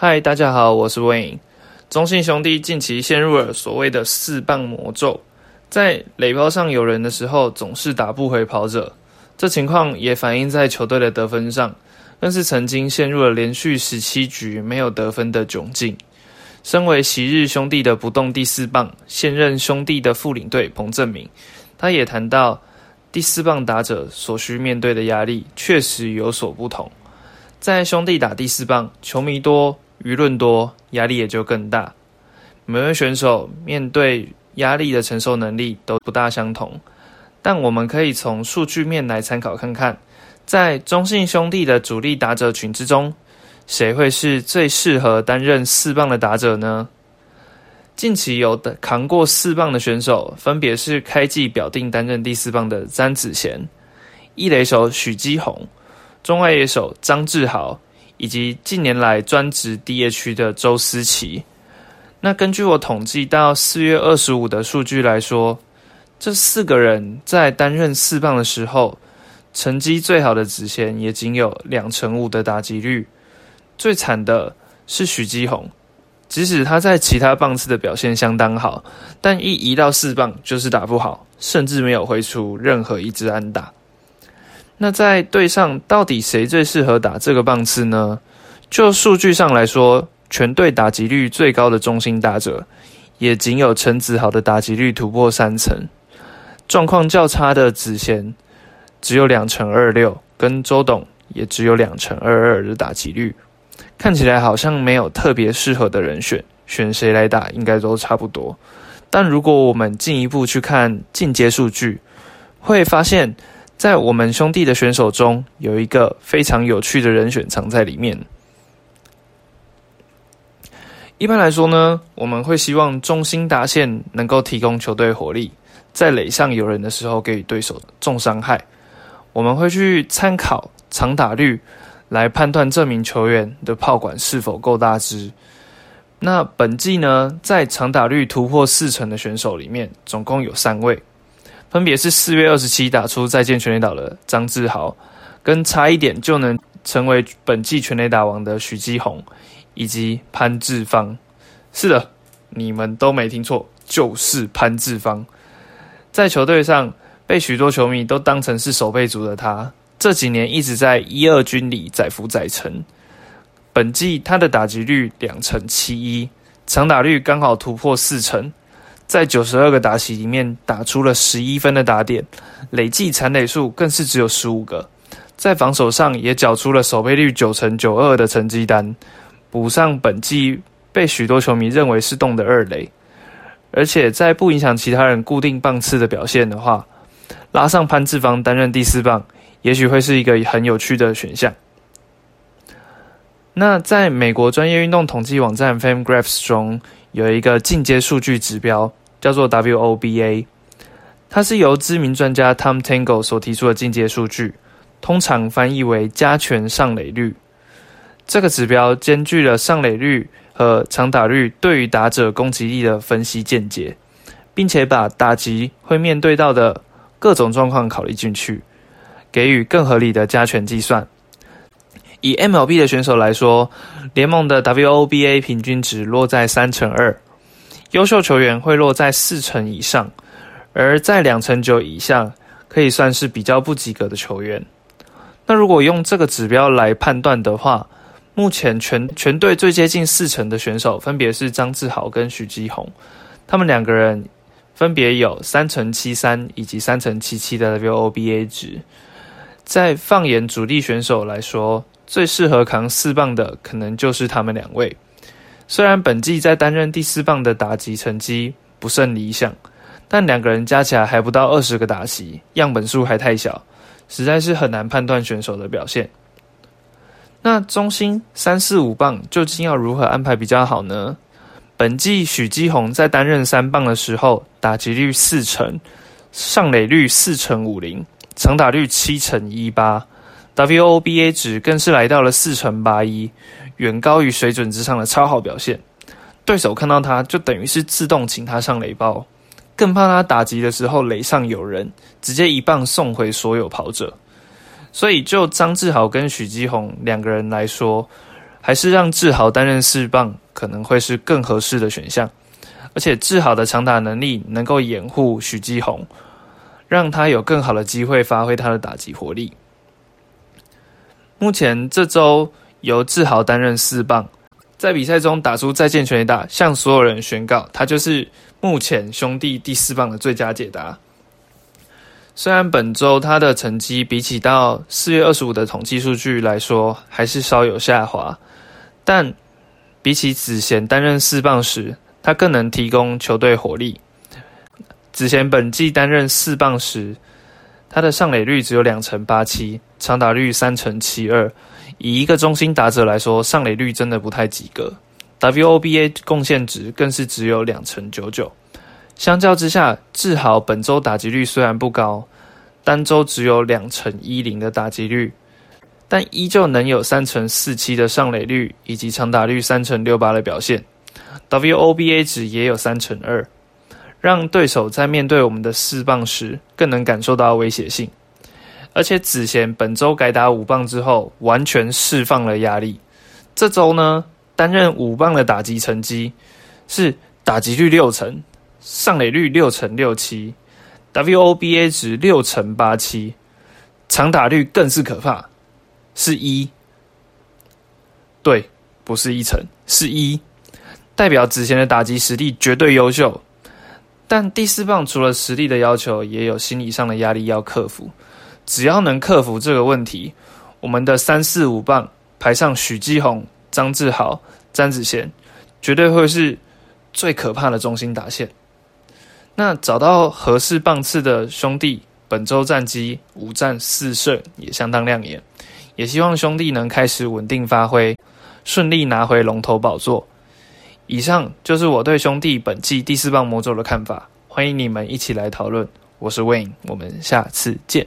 嗨，Hi, 大家好，我是 Wayne。中信兄弟近期陷入了所謂的四棒魔咒，在壘包上有人的時候總是打不回跑者，這情況也反映在球隊的得分上，更是曾經陷入了連續十七局沒有得分的窘境。身為昔日兄弟的不動第四棒，現任兄弟的副領隊彭政閔，他也談到第四棒打者所需面對的壓力確實有所不同，在兄弟打第四棒，球迷多。輿論多，壓力也就更大。每位選手面對壓力的承受能力都不大相同，但我們可以從數據面來參考看看，在中信兄弟的主力打者群之中，誰會是最適合擔任四棒的打者呢？近期有扛過四棒的選手，分別是開季表定擔任第四棒的詹子賢、一壘手許基宏、中外野手張志豪。以及近年來專職 DH 區的周思齊，那根據我統計到四月二十五的數據來說，這四個人在擔任四棒的時候，成績最好的子賢也僅有兩成五的打擊率，最慘的是許基宏，即使他在其他棒次的表現相當好，但一移到四棒就是打不好，甚至沒有揮出任何一支安打。那在隊上，到底誰最適合打這個棒次呢？就數據上來說，全隊打擊率最高的中心打者，也僅有陳子豪的打擊率突破三成。狀況較差的子賢只有兩成二六，26，跟周董也只有兩成二二的打擊率，看起來好像沒有特別適合的人選，選誰來打應該都差不多。但如果我們進一步去看進階數據，會發現。在我們兄弟的選手中，有一個非常有趣的人選藏在裡面。一般來說呢，我們會希望中心打線能夠提供球隊火力，在壘上有人的時候給予對手重傷害。我們會去參考長打率來判斷這名球員的炮管是否夠大隻。那本季呢，在長打率突破四成的選手裡面，總共有三位。分別是四月二十七打出再見全壘打的張志豪，跟差一點就能成為本季全壘打王的許基宏，以及潘志芳。是的，你們都沒聽錯，就是潘志芳。在球隊上被許多球迷都當成是守備族的他，這幾年一直在一、二軍裡載浮載沉，本季他的打擊率兩成七一，長打率剛好突破四成，在九十二個打席裡面打出了十一分的打點，累計殘壘數更是只有十五個，在防守上也繳出了守備率九成九二的成績單，補上本季被許多球迷認為是動的二壘。而且在不影響其他人固定棒次的表現的話，拉上潘志芳擔任第四棒，也許會是一個很有趣的選項。那在美國專業運動統計網站 FanGraphs 中有一個進階數據指標。叫做 W O B A，它是由知名專家 Tom Tango 所提出的進階數據，通常翻譯為加權上壘率。這個指標兼具了上壘率和長打率對於打者攻擊力的分析見解，並且把打擊會面對到的各種狀況考慮進去，給予更合理的加權計算。以 MLB 的選手來說，聯盟的 W O B A 平均值落在三成二。優秀球員會落在四成以上，而在兩成九以下可以算是比較不及格的球員。那如果用這個指標來判斷的話，目前全全隊最接近四成的選手，分別是張志豪跟許基宏，他們兩個人分別有三成七三以及三成七七的 WOBA 值。在放眼主力選手來說，最適合扛四棒的，可能就是他們兩位。雖然本季在擔任第四棒的打擊成績不甚理想，但兩個人加起來還不到二十個打擊，樣本數還太小，實在是很難判斷選手的表現。那中信三四五棒究竟要如何安排比較好呢？本季許基宏在擔任三棒的時候，打擊率四成，上壘率四成五零，長打率七成一八，WOBA 值，更是來到了四成八一。遠高於水準之上的超好表現，對手看到他就等於是自動請他上壘包，更怕他打擊的時候壘上有人，直接一棒送回所有跑者。所以就張志豪跟許基宏兩個人來說，還是讓志豪擔任四棒可能會是更合適的選項，而且志豪的強打能力能夠掩護許基宏，讓他有更好的機會發揮他的打擊活力。目前這週。由志豪擔任四棒，在比賽中打出再見全壘打，向所有人宣告他就是目前兄弟第四棒的最佳解答。雖然本周他的成績比起到四月二十五的統計數據來說，還是稍有下滑，但比起子賢擔任四棒時，他更能提供球隊火力。子賢本季擔任四棒時，他的上壘率只有兩成八七，長打率三成七二。以一個中心打者來說，上壘率真的不太及格，WOBA 貢獻值更是只有兩成九九。相較之下，志豪本周打擊率雖然不高，單周只有兩成一零的打擊率，但依舊能有三成四七的上壘率以及長打率三成六八的表現，WOBA 值也有三成二，讓對手在面對我們的四棒時更能感受到威脅性。而且子賢本周改打五棒之後，完全釋放了壓力。這周呢，擔任五棒的打擊成績是打擊率六成，上壘率六成六七，WOBA 值六成八七，長打率更是可怕，是一。對，不是一成，是一，代表子賢的打擊實力絕對優秀。但第四棒除了實力的要求，也有心理上的壓力要克服。只要能克服這個問題，我們的三四五棒排上許基宏、張志豪、詹子賢，絕對會是最可怕的中心打線。那找到合適棒次的兄弟，本周戰績五戰四勝也相當亮眼，也希望兄弟能開始穩定發揮，順利拿回龍頭寶座。以上就是我對兄弟本季第四棒魔咒的看法，歡迎你們一起來討論。我是 Wayne，我們下次見。